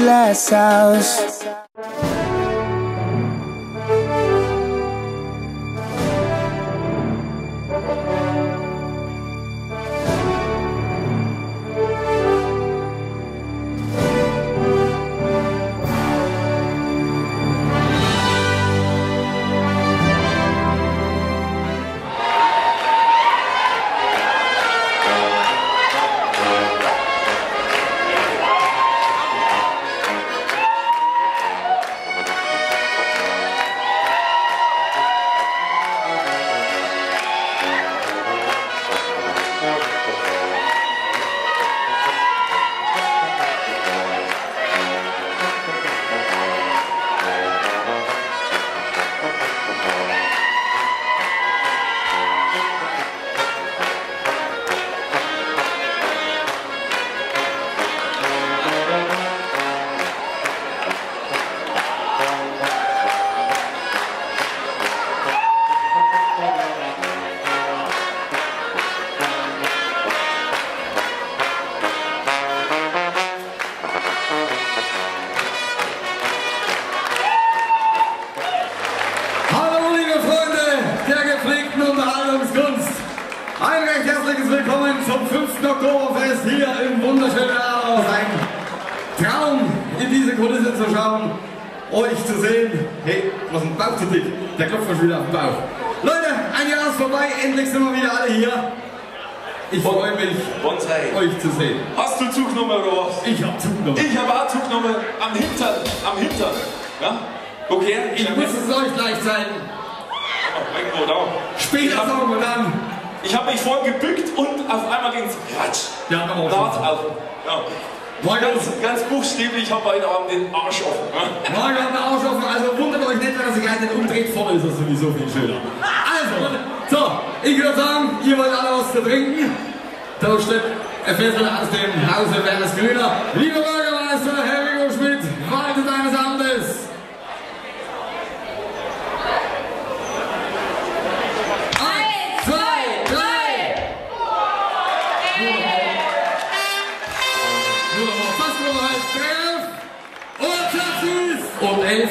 glass house. zum 5. Oktoberfest hier im wunderschönen Aarau. Ein Traum, in diese Kulisse zu schauen, euch zu sehen. Hey, was ein Bauch zu dick. Der klopft mir schon wieder auf dem Bauch. Leute, ein Jahr ist vorbei, endlich sind wir wieder alle hier. Ich freue mich, Bonsai. euch zu sehen. Hast du Zugnummer oder was? Ich habe Zugnummer. Ich habe auch Zugnummer am Hintern, am Hintern. Ja? Okay, ich, ich muss es euch gleich zeigen. Oh, mein Gott, auch. Oh. Später sagen wir dann. Ich habe mich vorhin gebückt und auf einmal ging es Ratsch. Ja, aber auch. auf. Ja. ganz, ganz buchstäblich, ich habe heute Abend den Arsch offen. Ne? Morgen hat den Arsch offen, also wundert euch nicht, wenn er sich gleich nicht umdreht, vorne ist das sowieso viel schöner. Also, so, ich würde sagen, ihr wollt alle was zu trinken. Da steht ein Fessel aus dem Hause Wernes Grüner. Lieber Bürgermeister, Herr Rigo Schmidt, und 11